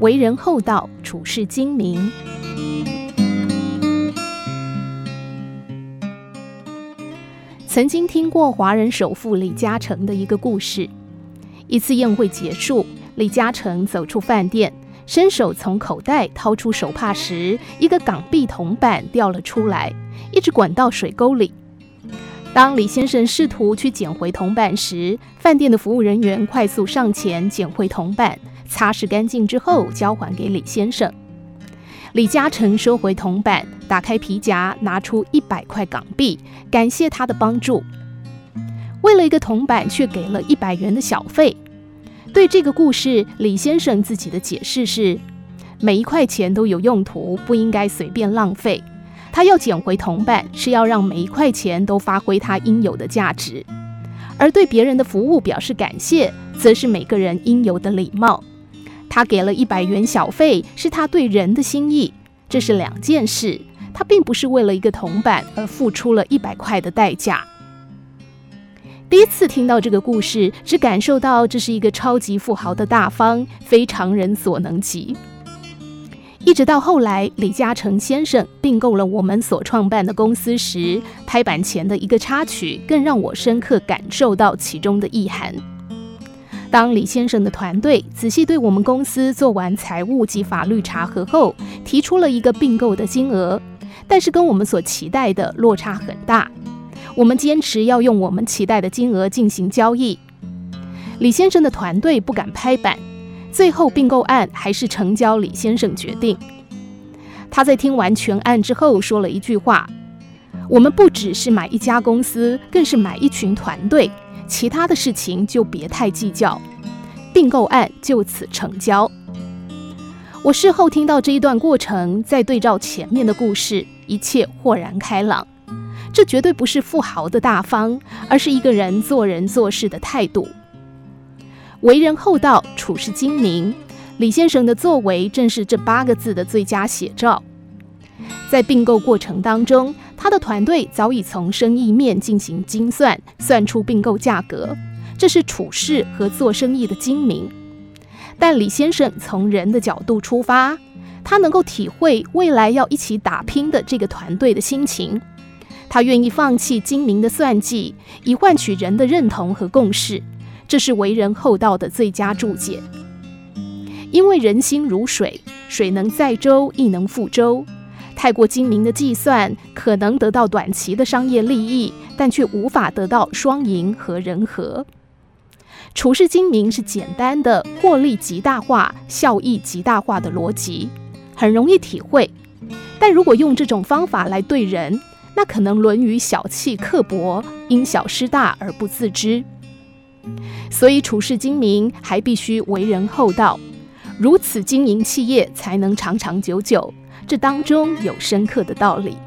為人厚道，處世精明。曾經聽過華人首富李嘉誠的一個故事：一次宴會結束，李嘉誠走出飯店，伸手從口袋掏出手帕時，一個港幣銅板掉了出來，一直滾到水溝裡。當李先生試圖去撿回銅板時，飯店的服務人員快速上前撿回銅板。擦拭乾淨之後，交還給李先生。李嘉誠收回銅板，打開皮夾，拿出一百塊港幣，感謝他的幫助。為了一個銅板，卻給了一百元的小費。對這個故事，李先生自己的解釋是：每一塊錢都有用途，不應該隨便浪費。他要撿回銅板，是要讓每一塊錢都發揮它應有的價值；而對別人的服務表示感謝，則是每個人應有的禮貌。他給了一百元小費，是他對人的心意，這是兩件事。他並不是為了一個銅板而付出了一百塊的代價。第一次聽到這個故事，只感受到這是一個超級富豪的大方，非常人所能及。一直到後來，李嘉誠先生併購了我們所創辦的公司時，拍板前的一個插曲，更讓我深刻感受到其中的意涵。當李先生的團隊仔細對我們公司做完財務及法律查核後，提出了一個併購的金額，但是跟我們所期待的落差很大。我們堅持要用我們期待的金額進行交易。李先生的團隊不敢拍板，最後併購案還是成交，李先生決定。他在聽完全案之後說了一句話：“我們不只是買一家公司，更是買一群團隊。”其他的事情就別太計較，併購案就此成交。我事後聽到這一段過程，再對照前面的故事，一切豁然開朗。這絕對不是富豪的大方，而是一個人做人做事的態度。為人厚道，處事精明，李先生的作為正是這八個字的最佳寫照。在併購過程當中，他的團隊早已從生意面進行精算，算出併購價格，這是處事和做生意的精明。但李先生從人的角度出發，他能夠體會未來要一起打拼的這個團隊的心情，他願意放棄精明的算計，以換取人的認同和共識。這是為人厚道的最佳注解。因為人心如水，水能載舟，亦能覆舟。太過精明的計算，可能得到短期的商業利益，但卻無法得到雙贏和人和。處事精明是簡單的獲利極大化、效益極大化的邏輯，很容易體會。但如果用這種方法來對人，那可能淪於小氣、刻薄，因小失大而不自知。所以，處事精明還必須為人厚道，如此經營企業才能長長久久。這當中有深刻的道理。